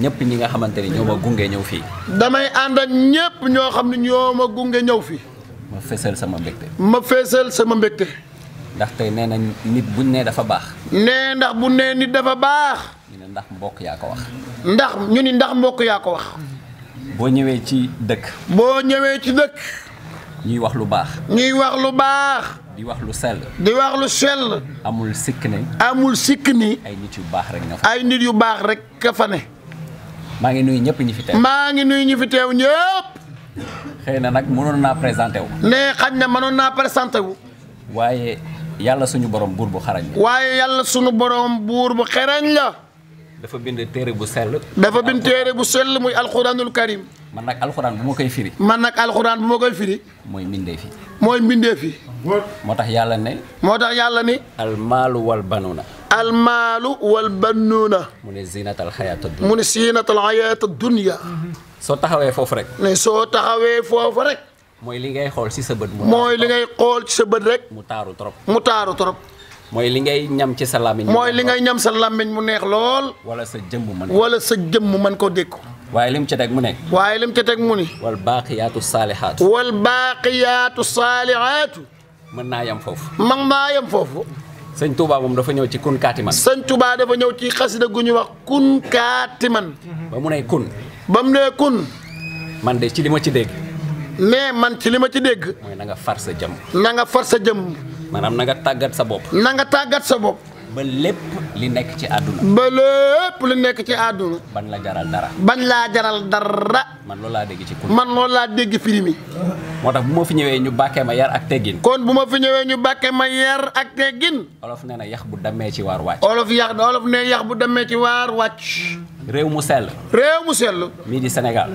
ñëpp ñi nga xamante ni ñoo ma gunge ñëw fii. damay ànd ak ñëpp ñoo xam ne ñoo ma gunge ñëw fii. ma feesal sama mbégte. ma feesal sama mbégte. ndax tey nee na nit buñ nee dafa baax. nee ndax bu nee nit dafa baax. ñu ne ndax mbokk yaa ko wax. ndax ñu ni ndax mbokk yaa ko wax. boo ñëwee ci dëkk. boo ñëwee ci dëkk. ñuy wax lu baax. ñuy wax lu baax. di wax lu sell. di wax lu sell. amul sikk ne. amul sikk ni. ay nit yu baax rek nga ay nit yu baax rek ka fa ne. maa ngi nuyu ñëpp ñi fi teew. maa ngi nuyu ñi fi teew ñëpp. xëy na nag mënoon naa présenté wu. nee xañ na mënoon naa présenté wu. waaye yàlla suñu borom buur bu xarañ waaye yàlla suñu borom buur bu xarañ la. dafa bind téere bu sell. dafa bind téere bu sell muy alxuraanul karim. man nag alxuraan bu ma koy firi. man nag alxuraan bu ma koy firi. mooy mbindee fi. mooy mbindee fi. moo tax yàlla ne. moo tax yàlla ni. almaalu wal banuuna. almaalu wal bannuuna. mu ne ziinatal xayaata dunya mu ne ziinatal xayaata dunya. soo taxawee foofu rek. ne soo taxawee foofu rek. mooy li ngay xool ci sa bët. mooy li ngay xool ci sa bët rek. mu taaru trop mu taaru trop. mooy li ngay ñam ci sa làmmiñ. mooy li ngay ñam sa làmmiñ mu neex lool. wala sa jëmm man wala sa jëmm man ko dékku. waaye lim ci teg mu ne. waaye lim ci teg mu ni wal baaqiyaatu saalihaatu. wal baaqiyaatu saalihaatu. mën naa yem foofu. mën naa yem foofu. sëñ Touba moom dafa ñëw ci kun kaatiman. sëñ Touba dafa ñëw ci xasida gu ñu wax kun man ba mu ne kun. ba mu ne kun. man de ci li ma ci dégg. mais man ci li ma ci dégg. mooy nanga far sa jëm. na nga far sa jëm. maanaam na nga tàggat sa bopp. na nga tàggat sa bopp. ba lépp li nekk ci àdduna. ba lépp li nekk ci àdduna. ban la jaral dara. ban laa jaral dara. man loolu laa dégg ci kul. man loolu laa dégg firi moo tax bu ma fi ñëwee ñu bàkkee ma yar ak teggin. kon bu ma fi ñëwee ñu bàkkee ma yar ak teggin. olof nee na yax bu demee ci waar wàcc. olof yax olof nee yax bu demee ci waar wàcc. réew mu sell. réew mu sell. mii di senegal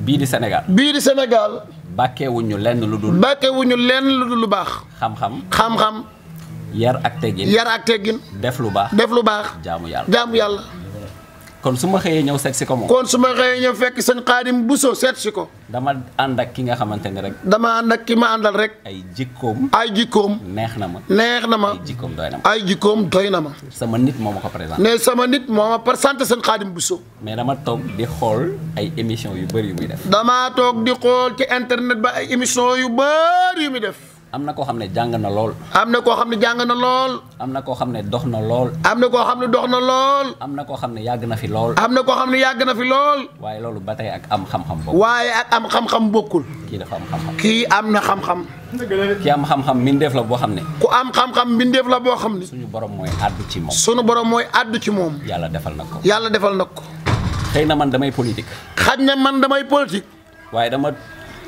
bii di senegal bii di Sénégal. lenn lu dul. bàkkee wuñu lenn lu dul lu baax. xam-xam xam-xam. yar ak teggin yar ak teggin. def lu baax def lu baax. jaamu yàlla jaamu yàlla. kon su ma xëyee ñëw seet si ko moom. kon su ma xëyee ñëw fekk sëñ Xaadim Buso seet si ko. dama ànd ak ki nga xamante ne rek. dama ànd ak ki ma àndal rek. ay jikkoom. ay jikkoom. neex na ma. neex na ma ay jikkoom doy na ma. jikkoom doy na ma. sama nit moo ma ko présenté. ne sama nit moo ma présenté sëñ Xaadim Buso. mais dama toog di xool ay émissions yu bëri yu muy def. damaa toog di xool ci internet ba ay émissions yu bëri am na koo xam ne jàng na lool. am na koo xam ne jàng na lool. am na koo xam ne dox na lool. am na koo xam ne dox na lool. am na koo xam ne yàgg na fi lool. am na koo xam ne yàgg na fi lool. waaye loolu ba tey ak am xam-xam bokkul. waaye am xam-xam bokkul. kii dafa am xam kii am na xam-xam. kii am xam mbindeef la boo xam ne. ku am xam-xam mbindeef la boo xam ne. suñu borom mooy àddu ci moom. suñu borom mooy àddu ci moom. yàlla defal na ko. yàlla defal na ko. xëy na man damay politique. xaj na man damay politique. waaye dama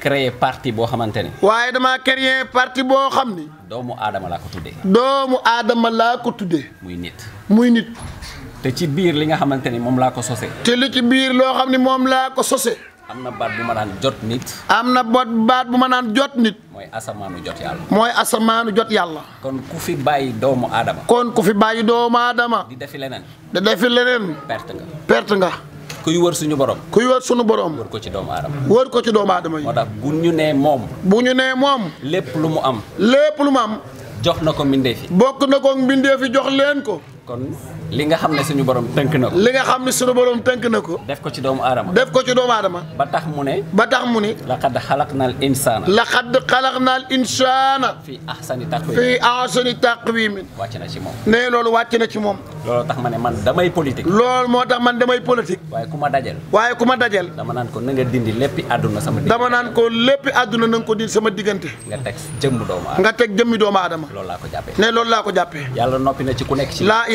créer parti boo xamante ne. waaye damaa créer parti boo xam ni. doomu aadama laa ko tuddee. doomu aadama laa ko tuddee. muy nit. muy nit. te ci biir li nga xamante ni moom laa ko sosee. te li ci biir loo xam ni moom laa ko sosee. am na baat bu ma naan jot nit. am na bot baat bu ma naan jot nit. mooy asamaanu jot yàlla. mooy asamaanu jot yàlla. kon ku fi bàyyi doomu aadama. kon ku fi bàyyi doomu aadama. di defi leneen. di defi leneen. perte nga. perte nga. kuy wër suñu borom. kuy wër suñu borom. wër ko ci doomu aadama. wër ko ci doomu aadama yi. moo tax bu ñu nee moom. bu ñu nee moom. lépp lu mu am. lépp lu mu am. jox na ko mbindeefi. bokk na ko mbindeefi jox leen ko. kon. li nga xam ne suñu borom tënk na ko. li nga xam ne suñu borom tënk na ko. def ko ci doomu aadama. def ko ci doomu aadama. ba tax mu ne. ba tax mu ne. laqad xalaqnaal insaana. laqad xalaqnaal insaana. fii ahsani taqwiim. fii ahsani taqwiim. wàcc na ci moom. loolu wàcc na ci moom. loolu tax ma ne man damay politique. lool moo tax man damay politique. waaye ku ma dajal. waaye ku ma dajal. dama naan ko na nga dindi léppi àdduna sama. diggante dama naan ko léppi àdduna na ko dindi sama diggante. nga teg jëmmi doomu aadama. nga teg jëmmi doomu aadama. loolu laa ko jàppee. nee loolu ko jàppee.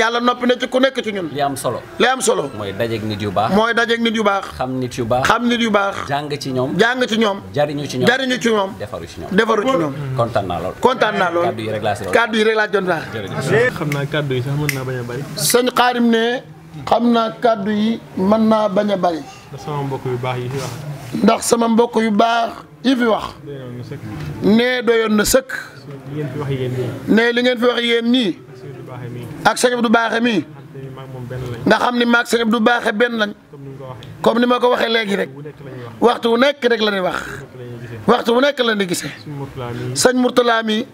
yàlla ku nekk ci. ci ku nekk ci ñun. li am solo. li am solo. mooy dajeeg nit yu baax. mooy dajeeg nit yu baax. xam nit baax. xam nit yu baax. jàng ci ñoom. ñoom. jariñu ci ñoom jariñu ci ñoom. defaru ci ñoom defaru ci ñoom. Mm. kontaan naa lool. kontaan naa lool. kàddu yi rek laa si doon kàddu yi rek laa xam naa kàddu yi sax naa bañ a bari. sëñ Xaarim ne xam naa kaddu yi man naa bañ a bari. ndax sama mbokk yu baax yi fi wax. ndax sama mbokk yu baax yi fi wax. ne doyoon na sëkk. ne li ngeen fi wax yéen nii. ak sëñ Abdou Baaxe mii nga xam ni maag sëñ Abdou Baaxe benn lañ comme ni ma ko waxee léegi rek waxtu wu nekk rek la ñuy wax waxtu wu nekk la ñuy gisee sëñ Mourtala mii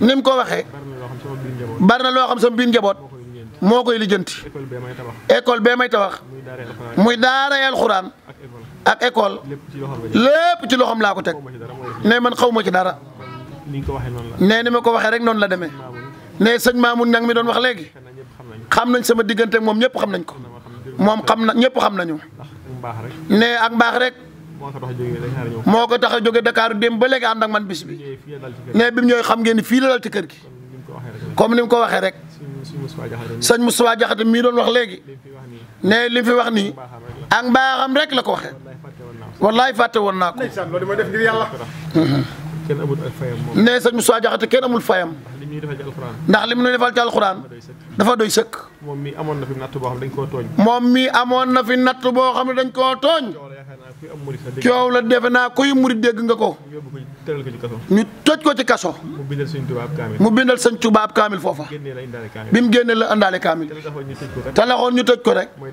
ni mu ko waxee bari na loo xam sama biir njaboot moo koy lijjanti école bee may tabax muy daaray alxuraan ak école lépp ci loxoom laa ko teg ne man xaw ma ci dara nee ni ma ko waxee rek noonu la demee. ne sëñ Mamoun ñang mi doon wax léegi xam nañ sama diggante moom ñëpp xam nañ ko moom xam na ñëpp xam nañu ne ak mbaax rek moo ko tax a jóge Dakar dem ba léegi ànd ak man bis bi ne bi mu xam ngeen ni fii la dal ci kër gi comme ni mu ko waxee rek sëñ Moustapha Diakhaté mii doon wax léegi ne li mu fi wax nii ak mbaaxam rek la ko waxee wallaay fàtte woon naa ko ne sañ sëñ Moustapha Diakhaté kenn amul fayam ndax lim nu defal ci alxuraan dafa doy sëkk. moom mii amoon na fi natt boo xam dañ koo tooñ. moom mii amoon na fi natt boo xam ne coow la defe naa kuy murit dégg nga ko. ñu toj ko ci kaso. mu bindal sëñ tubaab kaamil. mu bindal sëñ kaamil foofa. bi mu génnee la indaale kaamil. te laxoon ñu tëj ko rek. mooy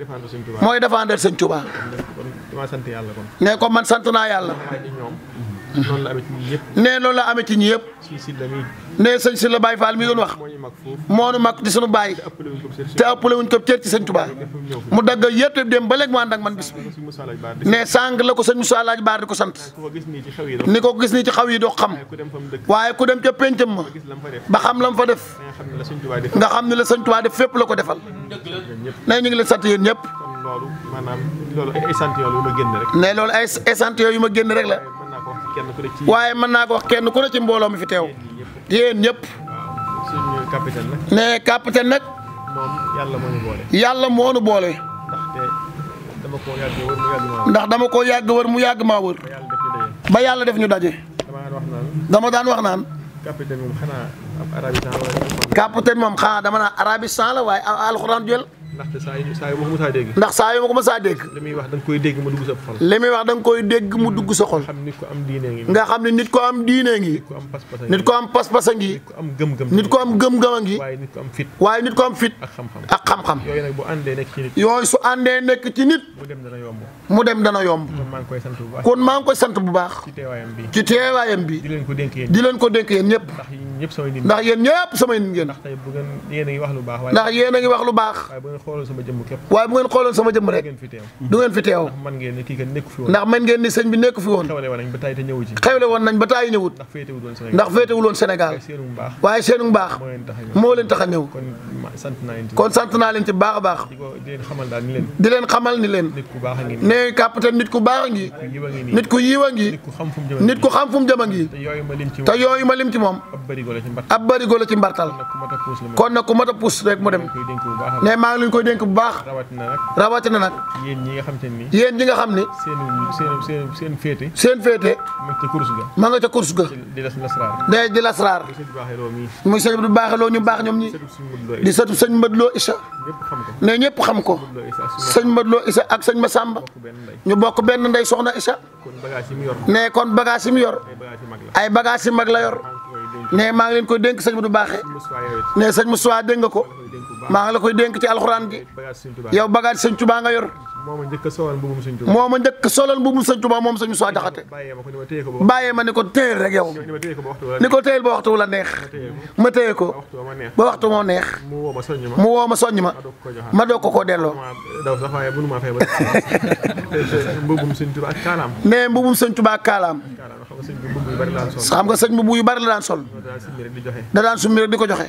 défendre sëñ tubaab. ne ko man sant naa yàlla. loolu loolu la amee ci ñun yëpp. nee sëñ Sylla Baye Fall mi doon wax. moo nu mag di sunu baay. te ëppale wuñ ko cër ci sëñ Touba. mu dagg yëpp dem dem ba léegi mu ànd ak man bis bi. nee sàng la ko sëñ Moussa Baar di ko sant. ni ko gis nii ci xaw yi doo xam. waaye ku dem ca péncam ma. ba xam la mu fa def. nga xam ni la sëñ Touba def fépp la ko defal. nee ñu ngi leen sant yéen ñëpp. loolu maanaam loolu ay échantillon yu ma génn ne loolu ay échantillon yu ma génn rek la. waaye mën naa ko wax kenn ku ne ci mbooloo mi fi teew yéen ñëpp ne capitaine nag yàlla moo nu boole ndax dama koo yàgg wër mu yàgg maa wër ba yàlla def ñu daje dama daan wax naan capitaine moom xanaa arabistan la waaye alxuraan jël ndaxte saa yu saa yu ma ko dégg. ndax saa yu ma ko mësaa dégg. li muy wax da koy dégg mu dugg sa xol. li muy wax da koy dégg mu dugg sa xol. nga xam ne nit ko am diine ngi. xam nit ko am diine pas-pasa ngi. nit ko am gëm-gëm ngi. ngi. waaye nit ko am fit. ak xam-xam yooyu nag bu àndee nekk ci nit. yooyu su àndee nekk ci nit. mu dem dana yomb. kon maa ngi koy sant bu baax. kon maa ngi bu baax. ci teewaayam bi di leen ko dénk yéen di leen ko dénk ndax yéen ñëpp samay nit ngeen. ndax yéen a ngi wax lu baax xooloon waaye bu ngeen xooloon sama jëmm rek du ngeen fi teew ndax man ngeen ni kii bi nekku fi woon xewle woon nañ ba tay ñëwut ndax féetewul woon Sénégal waaye seenu mbaax moo leen tax a ñëw kon sant naa leen ci baax a baax di leen xamal ni leen ne capitaine nit ku baax a ngi nit ku yiw a ngi nit ku xam fu jëm a ngi te yooyu ma lim ci moom ab barigo ci mbartal kon nag ku mat puus rek mu dem ne maa ngi ngi koy bu baax. rawatina nag rawatina nag. yéen ñi nga xam te ni. yéen ñi nga xam ni. seen seen seen féete. seen féete. ma nga ca course ga. ma nga ca course ga. di lasraar. day di lasraar. muy sëñ bi baaxee loo ñu baax ñoom ñi. di sëtu sëñ Modou Lo Issa. ne ñëpp xam ko. sëñ Modou Lo Issa ak sëñ Massamba. ñu bokk benn ndey soxna Issa. ne kon bagage yi mu yor. ay bagage yi mag la yor. ne maa ngi leen koy dénk sëñ bi du baaxee. ne sëñ Moussa dégg nga ko. maa ngi la koy dénk ci alxuraan ji yow bagaat sëñ Tuubaa nga yor moo ma njëkk solal mbubbum sëñ Tuubaa moo ma njëkk solal mbubbum sëñ Tuubaa moom sëñ Musaa Jaxate bàyyee ma ni ko téyel rek yow ni ko téyel ba waxtu la neex ma téye ko ba waxtu moo neex mu woo ma soññ ma ma doog ko koo delloo ne mbubbum sëñ Tuubaa kaalaam xam nga sëñ mbubb yu bari la daan sol. da daan summi rek di ko joxe.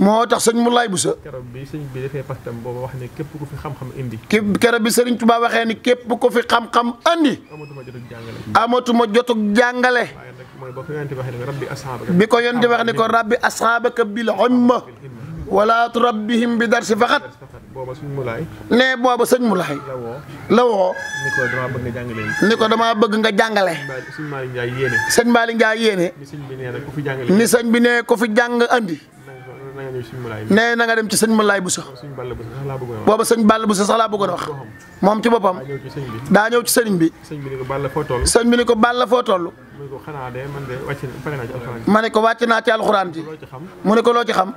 moo tax sëñ Moulay Boussa. keroog bi keroog bi sëriñ Tuubaa waxee ni képp ku fi xam-xam andi. amatuma jotug jàngale. bi ko yonent wax ni ko rabbi asxaabaka bil himma wala turabbihim bi darsi faqat booba sëñ Moulay. nee booba sëñ Moulay. la woo la woo. ni ko damaa bëgg nga jàngale. ni ko damaa bëgg nga jàngale. sëñ Malick Ndiaye yéene. sëñ Malick yéene. ni sëñ bi nee ku fi jàng andi. nee na nga dem ci sëñ Moulay bu sax. booba sëñ Balla bu sax laa bëggoon wax. moom ci boppam. daa ñëw ci sëñ bi. sëñ bi ni ko Balla foo toll. mu ne ko xanaa de man de wàcc na pare naa ci alxuraan. ma ne ko wàcc naa ci alxuraan ji. mu ne ko loo ci xam.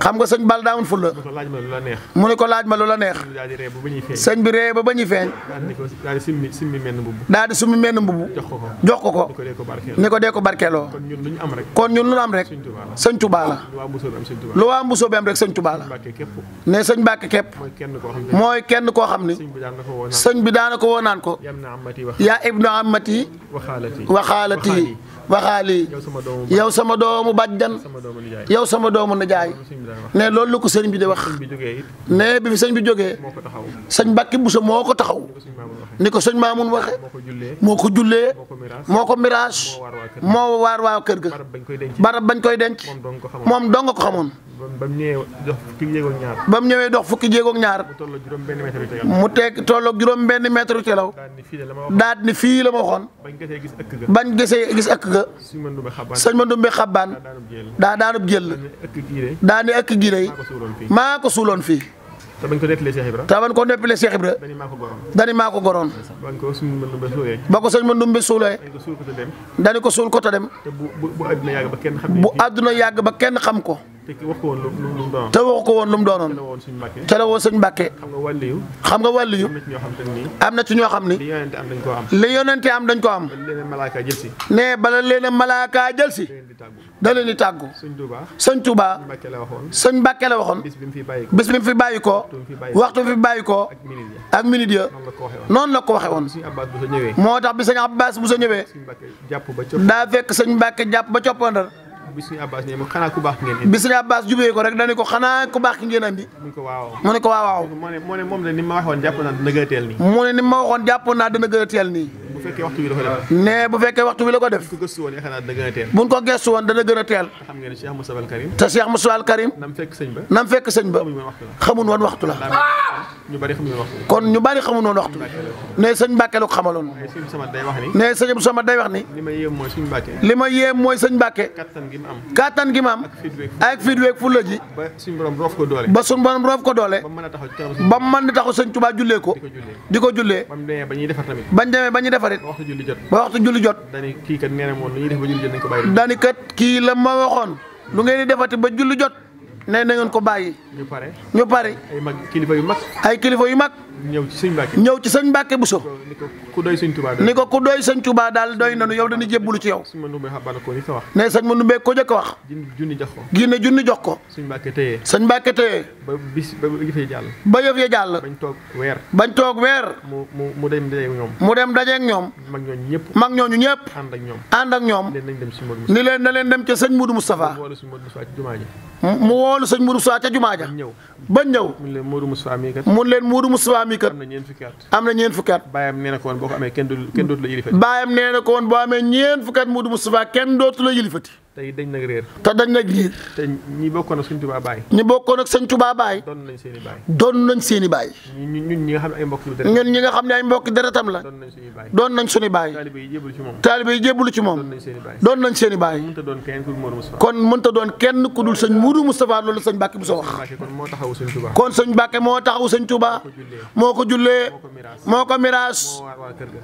xam nga sëñ Bal daa mun ful mu ne ko laaj ma lu la neex. sëñ bi ree ba ba feeñ. daal di summi menn mbubb. jox ko ko ni ko dee ko barkeeloo. kon ñun lu am rek. sëñ Tuubaa lu waa Mbusoo bi am rek sëñ Tuubaa ne sëñ Mbàkke képp. mooy kenn koo xam ne. sëñ bi daana ko woo ko. yaa ibnu amati waxaalati waxaali yow sama doomu bàjjan yow sama doomu nijaay ne loolu la ko sëriñ bi de wax ne bi fi sëñ bi jógee sëñ Mbàkke Buso moo ko taxaw ni ko sëñ Maamun waxe moo ko jullee moo ko miraas moo waar waa kër ga barab bañ koy denc moom dong nga ko xamoon ba mu ñëwee dox fukki jéego ñaar. ba mu ñëwee dox fukki jéego ñaar. mu toll juróom benn mètre yu tegaw. mu teg toll juróom benn mètre yu tegaw. daal ni fii la ma waxoon. bañ gisee gis ëkk ga. bañ gisee gis ëkk ga. sëñ ma ndumbe xabaan daa daanub jël. daa daanub jël. daa ni ëkk gi de. maa ko suuloon fii. te ko nettalee Cheikh Ibra. te bañ ko nettalee Cheikh Ibra. goroon. dani maa ko goroon. bañ ba suulee. ba ko suul ko te dem. bu bu bu ba kenn xam. ko. te wax ko woon lu mu doonoon. te wax ko woon lu mu doonoon. te la woon suñu mbàkke. xam nga wàllu yu. xam nga wàllu yu. am na ci ñoo xam ni. li yonente am dañ ko am. li yonente am dañ koo am. ne bala leen malaaka jël da leen di tàggu. sëñ Touba sëñ Touba. sëñ Mbàkke la waxoon. bis bi mu fi bàyyi ko bis bi mu fi bàyyi ko. waxtu bi bàyyi ko. ak minute ya noonu la ko waxee woon. moo tax bi sëñ Abbas bu sa ñëwee. daa fekk sëñ Mbàkke jàpp ba coppandal. bi sëñ Abbas ñëwee xanaa ku baax ngeen indi. bi sëñ Abbas ko rek dañu ko xanaa ku baax ki ngeen andi. mu ne ko waaw waaw. mu moom la ni ma waxoon jàpp naa dana gën teel nii. mu ne ni ma waxoon jàpp teel nii bu fekkee waxtu wi la ko def. ne bu fekkee waxtu wi la ko def. bu ko a teel. ko gëstu woon dana gën a teel. te xam ngeen ne Cheikh Moussa Al fekk sëñ ba. xamun woon waxtu la. kon ñu bari xamuñu woon waxtu. ne sëñ Mbàkke la ko xamaloon. ne sëñ Moussa day wax ni. li ma yéem mooy sëñ Mbàkke. li kattan gi ma am. ak fit fulla ji. ba suñ borom roof ko doole. ba suñ borom roof ko a sëñ Tuubaa jullee ko. di ko jullee. bañ demee ba ñuy defar Omar it. ba waxtu julli jot. ba waxtu jot. daani kii kat nee na moom lu ñuy def ba julli jot nañ ko kii la ma waxoon. lu ngeen di defati ba julli jot. nee na ngeen ko bàyyi. ñu pare ñu pare. ay mag kilifa yu mag. ay kilifa yu mag. ñëw ci sëñ Mbacke ñëw ci sëñ Mbacke ni ko ku doy sëñ Touba ni ko ku doy sëñ Touba daal doy nanu yow ci yow ne sëñ ma numbee ko jëkk a wax junni junni jox ko sëñ Mbacke téye ba bis ba yëf ya jàll ba yëf bañ toog weer bañ toog weer mu mu mu dem dajeeg ñoom mu dem dajeeg ñoom mag ñooñu ñëpp mag ñooñu ñëpp ànd ak ñoom ànd ak ñoom ni leen na leen dem ca sëñ Modou Moustapha mu woolu sëñ Modou Moustapha ca jumaa ja bañ ñëw mun leen Modou Moustapha mi am na ñeent fukki at. am na ñeent fukki at. baayam nee na ko woon boo ko amee kenn dootu la yilifati. baayam nee na ko woon boo amee ñeent fukki at Modou Moustapha kenn dootu la yilifati tey dañ nag réer. te dañ nag réer. te ñi bokkoon ak sëñ Tuubaa Baay. ñi bokkoon ak sëñ Tuubaa Baay. doon nañ seen i baay. doon nañ seen ñun ñi nga xam ne ay mbokk deretam ñun ñi nga xam ne mbokk deretam la. doon nañ seen i baay. doon nañ seen i baay. taalibe yi jébbalu ci moom. doon nañ seen i kon mënta doon kenn ku dul sëñ Mourou Moustapha loolu sëñ Mbàkke bu so kon moo taxawu sëñ Tuubaa. kon sëñ Mbàkke moo taxawu sëñ Tuubaa. moo ko jullee moo ko miraas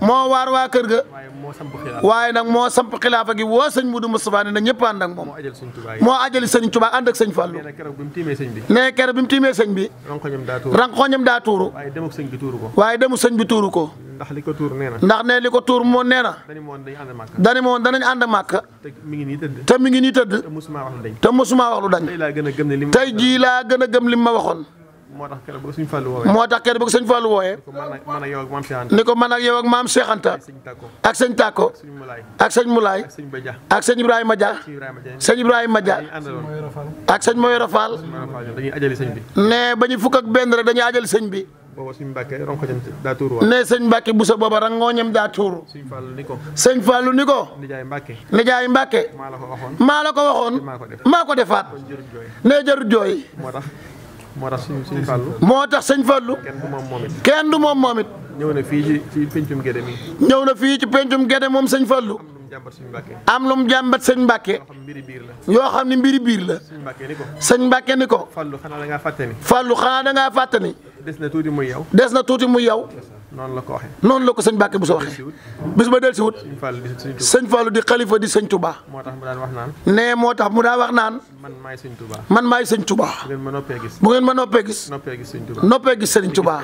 moo waar waa kër ga waaye nag moo samp xilaafa gi woo sëñ Mourou Moustapha ne na ñëpp ànd ak moom. moo ajal sëñ Tuubaa moo ajali sëñ Tuubaa ànd ak sëñ Fallu. nee keroog bi tiimee sëñ bi. nee keroog daa tuuru waaye demuk sëñ bi tuuru ko. ndax nee li ko tuur moon dañu ànd moon danañ ànd màkk. te mi ngi tëdd. te mi ngi nii dañ. te jii laa gën a gëm li ma moo tax keroog bëgg suñ fàllu wooyee. moo tax keroog bëgg suñ fàllu wooyee. ni ko man ak yow ak maam Cheikh Anta. ak sëñ Tako. ak sëñ Moulay. ak sëñ Ibrahima Dia. sëñ Ibrahima Dia. ak sëñ Moyoro Fall. ne ba ñu fukk ak benn rek dañuy ajali sëñ bi. booba sëñ Mbàkke bu sa booba rangooñam daa tuur. sëñ Fallou ni ko. sëñ Fallou ni ko. nijaay Mbàkke. nijaay Mbàkke. maa la ko waxoon. maa ko waxoon. maa ko defaat. nee jarut jooy. moo tax suñ suñ fàllu. moo tax sañ fàllu. kenn du moom moom it. kenn du moom moom ñëw na fii ci ci pencum Gédé mi. ñëw na fii ci pencum Gédé moom sañ fàllu. am lu mu jàmbat sëñ Mbàkke. yoo xam ne mbiri biir la. sëñ Mbàkke ni ko. sëñ Mbàkke ni ko. fàllu xanaa da ngaa fàtte ni. fàllu xanaa da ngaa fàtte des na tuuti muy yow. na tuuti muy yow. noonu la ko waxee. noonu la ko sëñ Bàkke bu sa waxee. bis ba del si wut. sëñ Fallou di xalifa di sëñ Touba. moo tax mu daan wax naan. nee moo tax mu daa wax naan. man maay sëñ Touba. man maay sëñ Touba. bu ngeen ma noppee gis. ma noppee gis. noppee gis sëñ Touba. noppee gis sëñ Touba.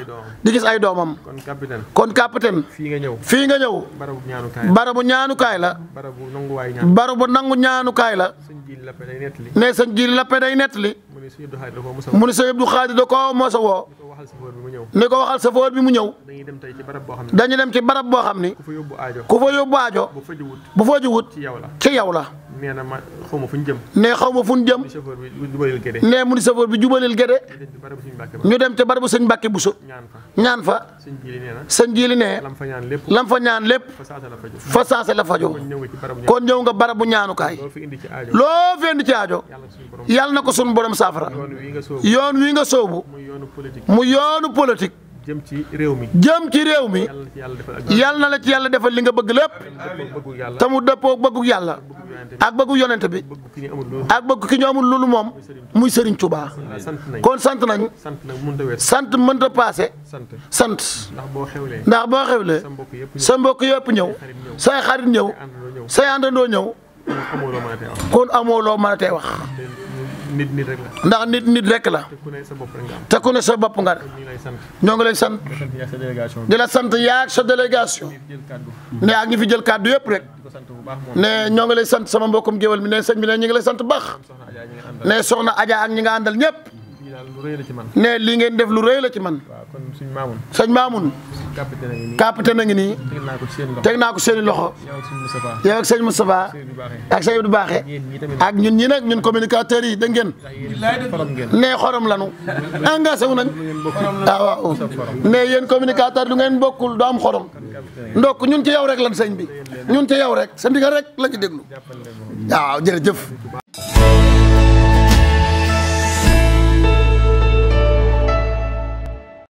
di gis ay doomam. kon capitaine. kon capitaine. fii nga ñëw. fii nga ñëw. barabu ñaanukaay la. barabu ñaanukaay la. barabu nangu waay ñaan. barabu nangu ñaanukaay la. nee sëñ Jili Lappe day nettali. mu ne sëñ Abdou Xaadir da koo mos a woo waxal safóor bi mu ñëw. ni ko waxal safóor bi mu ñëw. dañuy dem tey ci barab boo xam ne. dañuy dem ci boo xam ni. ku fa yóbbu aajo. ku fa yóbbu aajo. bu fa jiwut. bu fa jiwut ci yow la. nee na ma xaw ma fu ñu jëm. nee xaw ma fu ñu jëm. nee mu ni chauffeur bi jubalil Gédé. ñu dem ca barabu sëñ Mbàkke Buso. ñaan fa. sëñ Jili lam fa ñaan lépp. fa ñaan la fajoo. kon ñëw nga barabu ñaanukaay. loo fi indi ci aajo. yàlla na ko suñu borom saafara. yoon wi nga soobu. mu yoonu politique. jëm ci réew mi. jëm ci réew mi. yàlla na la ci yàlla defal li nga bëgg lépp. te mu dëppoo bëggu yàlla. ak bëggu yonent bi. ak bëgg ki ñu amul loolu moom. muy Serigne Touba. kon sant nañ. sant mënta paase. sant. ndax boo xewlee. sa mbokk yëpp ñëw. say xarit ñëw. say àndandoo ñëw. kon amoo loo mën a tey wax. nit nit rek ndax nit nit rek la. te ku ne sa bopp nga te ku ne bopp nga ñoo ngi lay sant. di la sant yaak sa délégation. ne ak ñi fi jël kàddu yëpp rek. ne ñoo ngi lay sant sama mbokkum géwél mi ne sëñ bi ne ñu ngi lay sant bu baax. ne soxna Adja ak ñi nga àndal ñëpp. ne lii ngeen def lu rëy la ci man. waaw kon suñ maamun. sëñ maamun. a ngi nii. teg naa ko seen loxo. yow ak sëñ Moustapha. ak sëñ Abdou Baaxe. ak ñun ñi nag ñun communicateurs yi da ngeen. ne xorom lanu. engagé wu nañ. ah waaw ne yéen communicateur du ngeen bokkul du am xorom. ndokk ñun ci yow rek lan sëñ bi. ñun ci yow rek sa ndigal rek la ñu déglu. waaw jërëjëf.